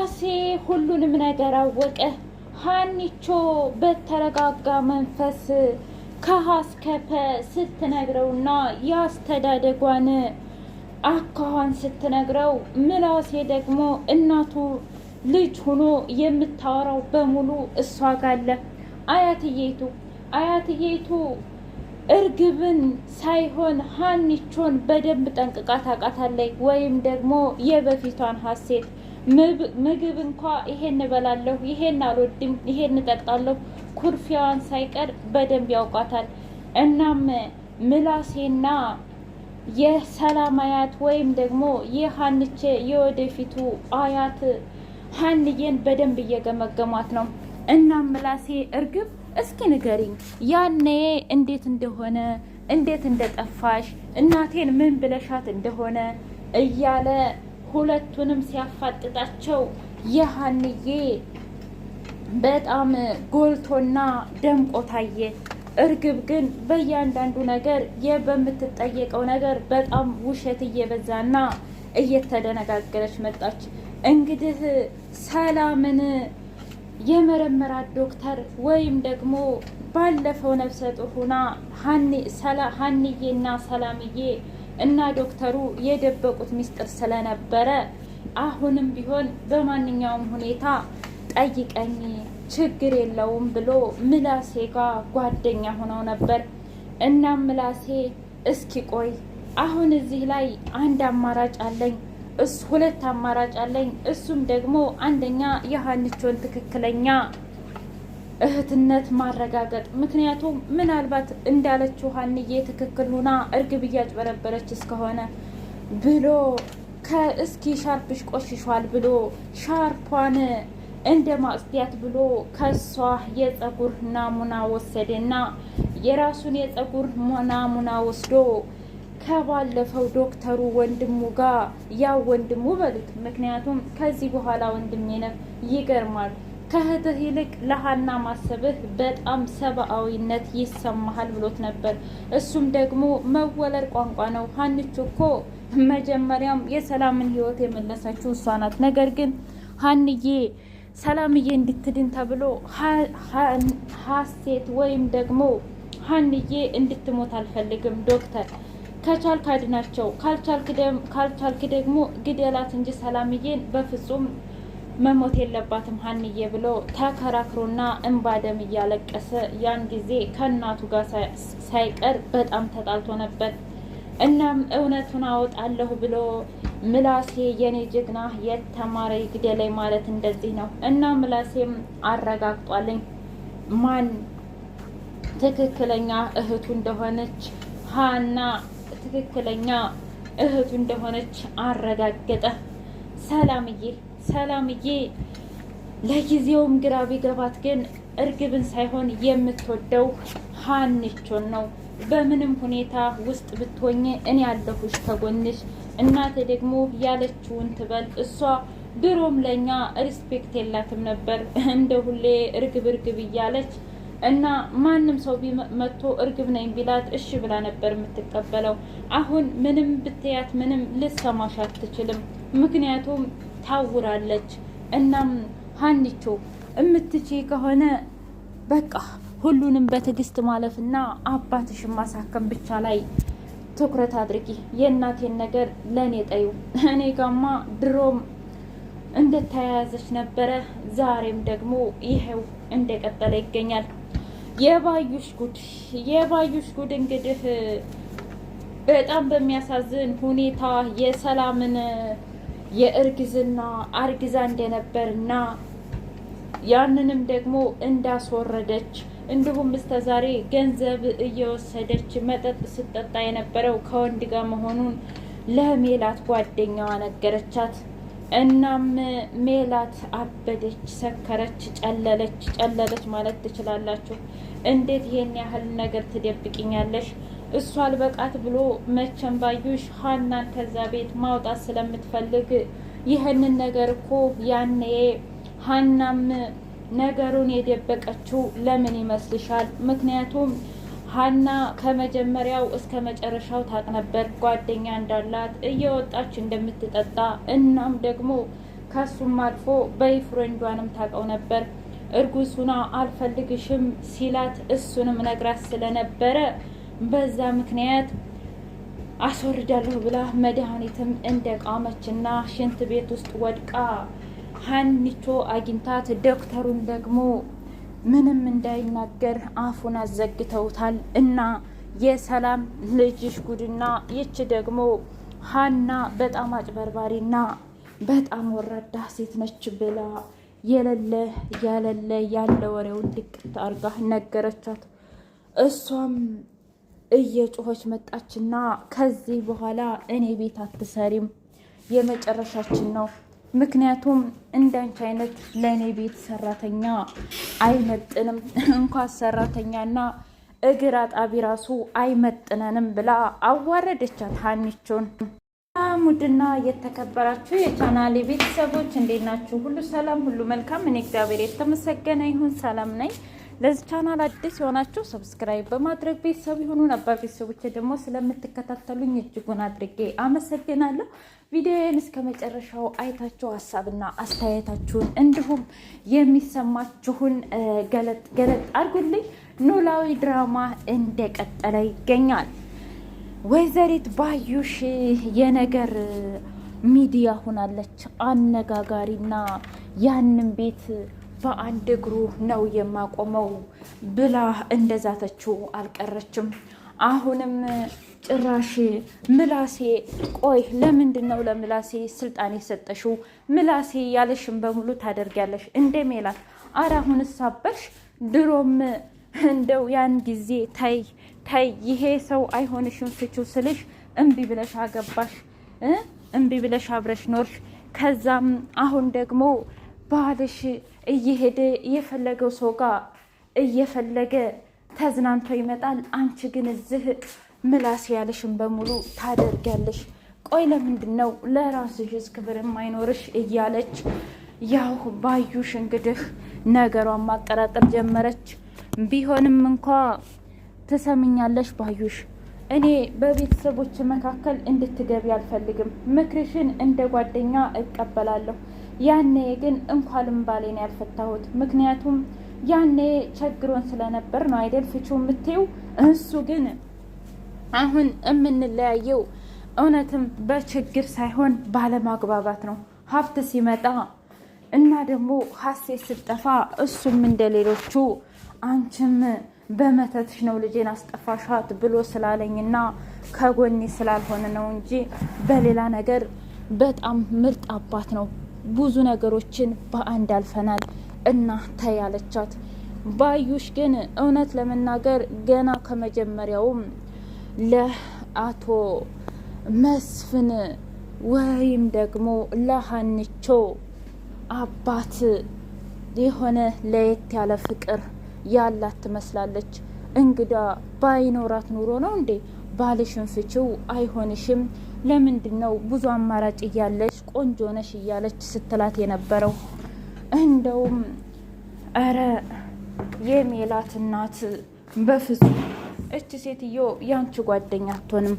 ራሴ ሁሉንም ነገር አወቀ። ሀኒቾ በተረጋጋ መንፈስ ከሀስከፈ ስትነግረውና የአስተዳደጓን አካኋን ስትነግረው ምናሴ ደግሞ እናቱ ልጅ ሆኖ የምታወራው በሙሉ እሷ ጋለ አያትየቱ አያትዬቱ እርግብን ሳይሆን ሀኒቾን በደንብ ጠንቅቃ ታውቃታለች፣ ወይም ደግሞ የበፊቷን ሀሴት ምግብ እንኳ ይሄን እበላለሁ፣ ይሄን አልወድም፣ ይሄን እጠጣለሁ፣ ኩርፊያዋን ሳይቀር በደንብ ያውቋታል። እናም ምላሴና የሰላም አያት ወይም ደግሞ የሀንቼ የወደፊቱ አያት ሀንዬን በደንብ እየገመገሟት ነው። እናም ምላሴ እርግብ እስኪ ንገሪኝ ያኔ እንዴት እንደሆነ እንዴት እንደጠፋሽ እናቴን ምን ብለሻት እንደሆነ እያለ ሁለቱንም ሲያፋጥጣቸው የሀንዬ በጣም ጎልቶና ደምቆ ታየ። እርግብ ግን በእያንዳንዱ ነገር በምትጠየቀው ነገር በጣም ውሸት እየበዛና እየተደነጋገረች መጣች። እንግዲህ ሰላምን የመረመራት ዶክተር ወይም ደግሞ ባለፈው ነፍሰ ጡር ሆና ሀንዬና ሰላምዬ እና ዶክተሩ የደበቁት ሚስጥር ስለነበረ አሁንም ቢሆን በማንኛውም ሁኔታ ጠይቀኝ ችግር የለውም ብሎ ምላሴ ጋር ጓደኛ ሆነው ነበር። እናም ምላሴ እስኪ ቆይ አሁን እዚህ ላይ አንድ አማራጭ አለኝ እሱ ሁለት አማራጭ አለኝ። እሱም ደግሞ አንደኛ የሀንቾን ትክክለኛ እህትነት ማረጋገጥ። ምክንያቱም ምናልባት እንዳለችው ሀንዬ ትክክል ሆና እርግብ እያጭበረበረች እስከሆነ ብሎ ከእስኪ ሻርፕሽ ቆሽሿል ብሎ ሻርፓን እንደ ማጽዳት ብሎ ከሷ የጸጉር ናሙና ወሰደና የራሱን የፀጉር ናሙና ወስዶ ከባለፈው ዶክተሩ ወንድሙ ጋር ያው ወንድሙ በሉት። ምክንያቱም ከዚህ በኋላ ወንድሜ ነው። ይገርማል ከእህትህ ይልቅ ለሀና ማሰብህ በጣም ሰብአዊነት ይሰማሃል ብሎት ነበር። እሱም ደግሞ መወለድ ቋንቋ ነው። ሀንች እኮ መጀመሪያም የሰላምን ህይወት የመለሰችው እሷ ናት። ነገር ግን ሀንዬ ሰላምዬ እንድትድን ተብሎ ሀሴት ወይም ደግሞ ሀንዬ እንድትሞት አልፈልግም ዶክተር ከቻልክ አድናቸው፣ ካልቻልክ ደግሞ ግደላት እንጂ ሰላምዬን በፍጹም መሞት የለባትም ሀንዬ ብሎ ተከራክሮና እንባ እንባደም እያለቀሰ ያን ጊዜ ከእናቱ ጋር ሳይቀር በጣም ተጣልቶ ነበር። እናም እውነቱን አወጣለሁ ብሎ ምላሴ የኔ ጀግና የተማረ ግደለኝ ማለት እንደዚህ ነው እና ምላሴም አረጋግጧልኝ ማን ትክክለኛ እህቱ እንደሆነች ሀና ትክክለኛ እህቱ እንደሆነች አረጋገጠ። ሰላምዬ ሰላምዬ ለጊዜውም ግራ ቢገባት ግን እርግብን ሳይሆን የምትወደው ሀንቾን ነው። በምንም ሁኔታ ውስጥ ብትሆኝ እኔ ያለሁሽ ከጎንሽ፣ እናቴ ደግሞ ያለችውን ትበል። እሷ ድሮም ለእኛ ሪስፔክት የላትም ነበር እንደ ሁሌ እርግብ እርግብ እያለች እና ማንም ሰው መጥቶ እርግብ ነኝ ቢላት እሺ ብላ ነበር የምትቀበለው። አሁን ምንም ብትያት ምንም ልሰማሽ አትችልም። ምክንያቱም ታውራለች። እናም ሀኒቾ እምትቼ ከሆነ በቃ ሁሉንም በትዕግስት ማለፍና አባትሽን ማሳከም ብቻ ላይ ትኩረት አድርጊ። የእናቴን ነገር ለእኔ ጠዩ። እኔ ጋማ ድሮም እንደተያያዘች ነበረ፣ ዛሬም ደግሞ ይሄው እንደቀጠለ ይገኛል። የባዩሽ ጉድ የባዩሽ ጉድ እንግዲህ በጣም በሚያሳዝን ሁኔታ የሰላምን የእርግዝና አርግዛ እንደነበርና ያንንም ደግሞ እንዳስወረደች እንዲሁም እስከዛሬ ዛሬ ገንዘብ እየወሰደች መጠጥ ስጠጣ የነበረው ከወንድ ጋር መሆኑን ለሜላት ጓደኛዋ ነገረቻት። እናም ሜላት አበደች፣ ሰከረች፣ ጨለለች። ጨለለች ማለት ትችላላችሁ። እንዴት ይሄን ያህል ነገር ትደብቅኛለሽ? እሷ አልበቃት ብሎ መቼም ባዩሽ ሀናን ከዛ ቤት ማውጣት ስለምትፈልግ ይህንን ነገር እኮ ያኔ ሀናም ነገሩን የደበቀችው ለምን ይመስልሻል? ምክንያቱም ሀና ከመጀመሪያው እስከ መጨረሻው ታቅ ነበር ጓደኛ እንዳላት እየወጣች እንደምትጠጣ እናም ደግሞ ከሱም አልፎ በይፍሬንዷንም ታቀው ነበር። እርጉሱና አልፈልግሽም ሲላት እሱንም ነግራት ስለነበረ በዛ ምክንያት አስወርዳለሁ ብላ መድኃኒትም እንደቃመች እና ሽንት ቤት ውስጥ ወድቃ ሀኒቾ አግኝታት ዶክተሩን ደግሞ ምንም እንዳይናገር አፉን አዘግተውታል እና የሰላም ልጅሽ ጉድና ይች ደግሞ ሀና በጣም አጭበርባሪና በጣም ወራዳ ሴት ነች ብላ የለለ ያለለ ያለ ወሬውን ድቅት አርጋ ነገረቻት። እሷም እየጮኸች መጣችና ከዚህ በኋላ እኔ ቤት አትሰሪም፣ የመጨረሻችን ነው። ምክንያቱም እንዳንቺ አይነት ለእኔ ቤት ሰራተኛ አይመጥንም፣ እንኳን ሰራተኛና እግር አጣቢ ራሱ አይመጥነንም ብላ አዋረደቻት ሀኒቾን። ሙድና የተከበራችሁ የቻናሌ ቤተሰቦች እንዴት ናችሁ? ሁሉ ሰላም፣ ሁሉ መልካም። እኔ እግዚአብሔር የተመሰገነ ይሁን ሰላም ነኝ። ለዚህ ቻናል አዲስ የሆናችሁ ሰብስክራይብ በማድረግ ቤተሰብ የሆኑ ነባር ቤተሰቦች ደግሞ ስለምትከታተሉኝ እጅጉን አድርጌ አመሰግናለሁ። ቪዲዮዬን እስከ መጨረሻው አይታችሁ ሀሳብና አስተያየታችሁን እንዲሁም የሚሰማችሁን ገለጥ ገለጥ አድርጉልኝ። ኖላዊ ድራማ እንደቀጠለ ይገኛል። ወይዘሪት ባዩሽ የነገር ሚዲያ ሆናለች። አነጋጋሪና ያንን ቤት በአንድ እግሩ ነው የማቆመው ብላ እንደዛተችው አልቀረችም። አሁንም ጭራሽ ምላሴ ቆይ ለምንድን ነው ለምላሴ ስልጣን የሰጠሽው? ምላሴ ያለሽን በሙሉ ታደርጊያለሽ እንደ ሜላት። ኧረ አሁን ሳበሽ ድሮም እንደው ያን ጊዜ ታይ ታይ ይሄ ሰው አይሆንሽም ፍቺው ስልሽ እምቢ ብለሽ አገባሽ፣ እምቢ ብለሽ አብረሽ ኖርሽ። ከዛም አሁን ደግሞ ባልሽ እየሄደ የፈለገው ሰው ጋር እየፈለገ ተዝናንቶ ይመጣል። አንቺ ግን እዚህ ምላስ ያለሽን በሙሉ ታደርጊያለሽ። ቆይ ለምንድን ነው ለራስሽ ክብር የማይኖርሽ? እያለች ያው ባዩሽ እንግዲህ ነገሯን ማቀራጠር ጀመረች። ቢሆንም እንኳ ትሰምኛለሽ ባዩሽ፣ እኔ በቤተሰቦች መካከል እንድትገቢ አልፈልግም። ምክርሽን እንደ ጓደኛ እቀበላለሁ ያኔ ግን እንኳንም ባሌን ያልፈታሁት ምክንያቱም ያኔ ቸግሮን ስለነበር ነው አይደል ፍቹ የምትይው። እሱ ግን አሁን የምንለያየው እውነትም በችግር ሳይሆን ባለማግባባት ነው። ሀብት ሲመጣ እና ደግሞ ሀሴት ስጠፋ እሱም እንደሌሎቹ አንቺም በመተትሽ ነው ልጄን አስጠፋሻት ብሎ ስላለኝና ከጎኔ ስላልሆነ ነው እንጂ በሌላ ነገር በጣም ምርጥ አባት ነው። ብዙ ነገሮችን በአንድ አልፈናል እና ተያለቻት። ባዩሽ ግን እውነት ለመናገር ገና ከመጀመሪያውም ለአቶ መስፍን ወይም ደግሞ ለሀንቾ አባት የሆነ ለየት ያለ ፍቅር ያላት ትመስላለች። እንግዳ ባይኖራት ኑሮ ነው እንዴ ባልሽን ፍቺው አይሆንሽም ለምንድን ነው ብዙ አማራጭ እያለች ቆንጆ ነሽ እያለች ስትላት የነበረው? እንደውም እረ የሜላት እናት በፍጹም እች ሴትዮ ያንቺ ጓደኛ አትሆንም፣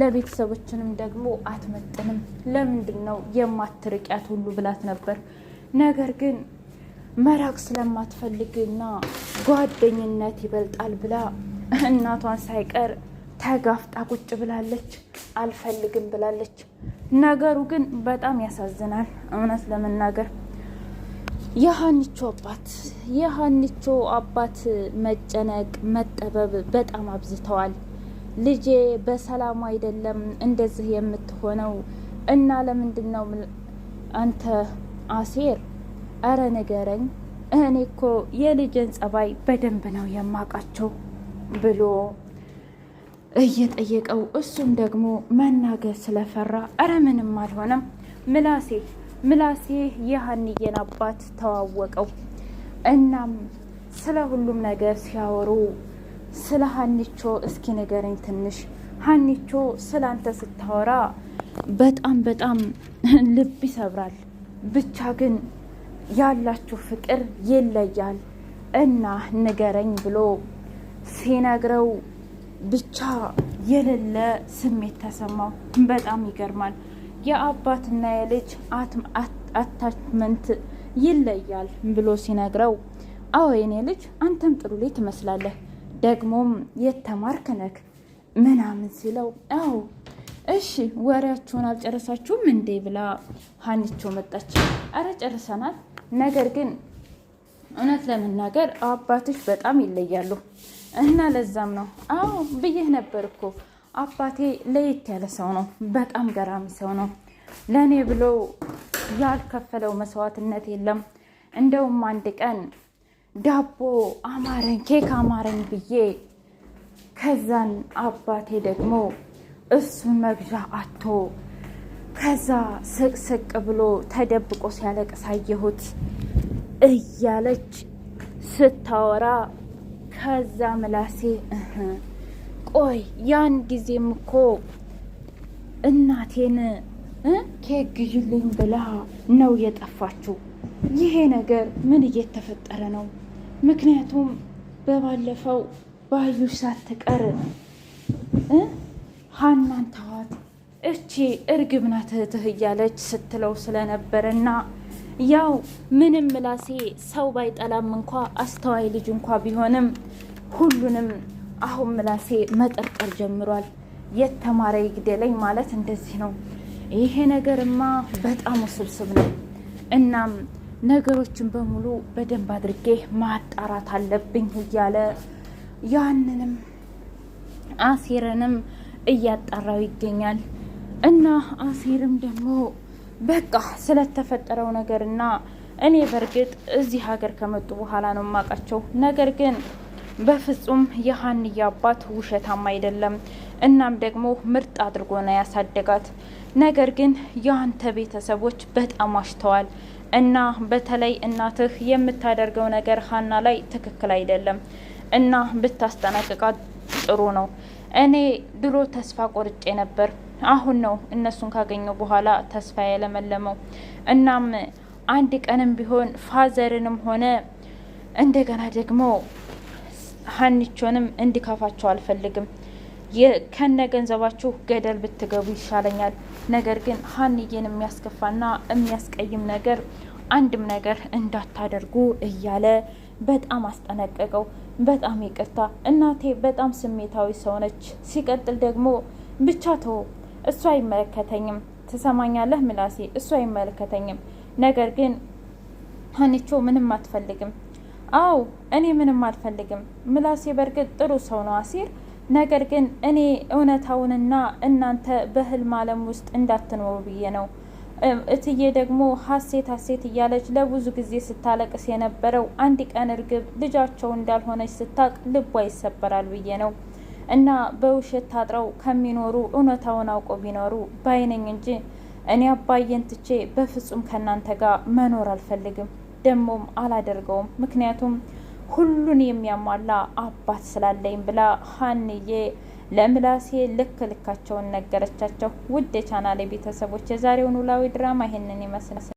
ለቤተሰቦችንም ደግሞ አትመጥንም። ለምንድን ነው የማትርቂያት ሁሉ ብላት ነበር። ነገር ግን መራቅ ስለማትፈልግና ጓደኝነት ይበልጣል ብላ እናቷን ሳይቀር ተጋፍጣ ቁጭ ብላለች። አልፈልግም ብላለች። ነገሩ ግን በጣም ያሳዝናል። እውነት ለመናገር የሀኒቾ አባት የሀኒቾ አባት መጨነቅ መጠበብ በጣም አብዝተዋል። ልጄ በሰላም አይደለም እንደዚህ የምትሆነው እና ለምንድን ነው አንተ አሴር፣ እረ ንገረኝ፣ እኔ እኮ የልጄን ጸባይ በደንብ ነው የማውቃቸው ብሎ እየጠየቀው እሱም ደግሞ መናገር ስለፈራ እረ ምንም አልሆነም። ምላሴ ምላሴ የሀንዬን አባት ተዋወቀው። እናም ስለ ሁሉም ነገር ሲያወሩ ስለ ሀኒቾ እስኪ ንገረኝ ትንሽ ሀኒቾ ስለ አንተ ስታወራ በጣም በጣም ልብ ይሰብራል። ብቻ ግን ያላችሁ ፍቅር ይለያል እና ንገረኝ ብሎ ሲነግረው ብቻ የሌለ ስሜት ተሰማው። በጣም ይገርማል። የአባትና የልጅ አታችመንት ይለያል ብሎ ሲነግረው አዎ የኔ ልጅ አንተም ጥሩ ልጅ ትመስላለህ፣ ደግሞም የተማርክ ነህ ምናምን ሲለው አዎ እሺ ወሬያችሁን አልጨረሳችሁም እንዴ ብላ ሀኒቾ መጣች። አረ ጨርሰናል፣ ነገር ግን እውነት ለመናገር አባትሽ በጣም ይለያሉ እና ለዛም ነው አዎ ብዬህ ነበር እኮ አባቴ ለየት ያለ ሰው ነው። በጣም ገራሚ ሰው ነው። ለእኔ ብሎ ያልከፈለው መስዋዕትነት የለም። እንደውም አንድ ቀን ዳቦ አማረኝ፣ ኬክ አማረኝ ብዬ ከዛን አባቴ ደግሞ እሱን መግዣ አቶ ከዛ ስቅስቅ ብሎ ተደብቆ ሲያለቅስ አየሁት እያለች ስታወራ ከዛ ምላሴ ቆይ ያን ጊዜም እኮ እናቴን ኬክ ብላ ነው የጠፋችው። ይሄ ነገር ምን እየተፈጠረ ነው? ምክንያቱም በባለፈው ባዩሽ ሳትቀር ሀናን ተዋት እቺ እርግብ ናት እህትህ እያለች ስትለው ስለነበረና ያው ምንም ምላሴ ሰው ባይጠላም እንኳ አስተዋይ ልጅ እንኳ ቢሆንም ሁሉንም አሁን ምላሴ መጠርጠር ጀምሯል። የተማረ ይግደለኝ ማለት እንደዚህ ነው። ይሄ ነገርማ በጣም ውስብስብ ነው። እናም ነገሮችን በሙሉ በደንብ አድርጌ ማጣራት አለብኝ እያለ ያንንም አሲርንም እያጣራው ይገኛል እና አሴርም ደግሞ በቃ ስለተፈጠረው ነገርና እኔ በእርግጥ እዚህ ሀገር ከመጡ በኋላ ነው የማውቃቸው። ነገር ግን በፍጹም የሀንዬ አባት ውሸታም አይደለም። እናም ደግሞ ምርጥ አድርጎ ነው ያሳደጋት። ነገር ግን የአንተ ቤተሰቦች በጣም አሽተዋል እና በተለይ እናትህ የምታደርገው ነገር ሀና ላይ ትክክል አይደለም እና ብታስጠናቅቃት ጥሩ ነው። እኔ ድሮ ተስፋ ቆርጬ ነበር አሁን ነው እነሱን ካገኘው በኋላ ተስፋ የለመለመው። እናም አንድ ቀንም ቢሆን ፋዘርንም ሆነ እንደገና ደግሞ ሀኒቾንም እንዲከፋቸው አልፈልግም። ከነ ገንዘባችሁ ገደል ብትገቡ ይሻለኛል። ነገር ግን ሀንዬን የሚያስከፋና የሚያስቀይም ነገር አንድም ነገር እንዳታደርጉ እያለ በጣም አስጠነቀቀው። በጣም ይቅርታ እናቴ በጣም ስሜታዊ ሰው ነች። ሲቀጥል ደግሞ ብቻ ተው እሱ አይመለከተኝም። ትሰማኛለህ ምላሴ፣ እሱ አይመለከተኝም። ነገር ግን ሀኒቾ ምንም አትፈልግም። አዎ እኔ ምንም አልፈልግም። ምላሴ በእርግጥ ጥሩ ሰው ነው አሲር። ነገር ግን እኔ እውነታውንና እናንተ በህልም አለም ውስጥ እንዳትኖሩ ብዬ ነው። እትዬ ደግሞ ሀሴት ሀሴት እያለች ለብዙ ጊዜ ስታለቅስ የነበረው አንድ ቀን እርግብ ልጃቸው እንዳልሆነች ስታቅ ልቧ ይሰበራል ብዬ ነው። እና በውሸት ታጥረው ከሚኖሩ እውነታውን አውቀው ቢኖሩ ባይነኝ እንጂ እኔ አባዬን ትቼ በፍጹም ከእናንተ ጋር መኖር አልፈልግም፣ ደግሞም አላደርገውም። ምክንያቱም ሁሉን የሚያሟላ አባት ስላለኝ ብላ ሀንዬ ለምላሴ ልክ ልካቸውን ነገረቻቸው። ውድ የቻናሌ ቤተሰቦች የዛሬውን ኖላዊ ድራማ ይሄንን ይመስላል።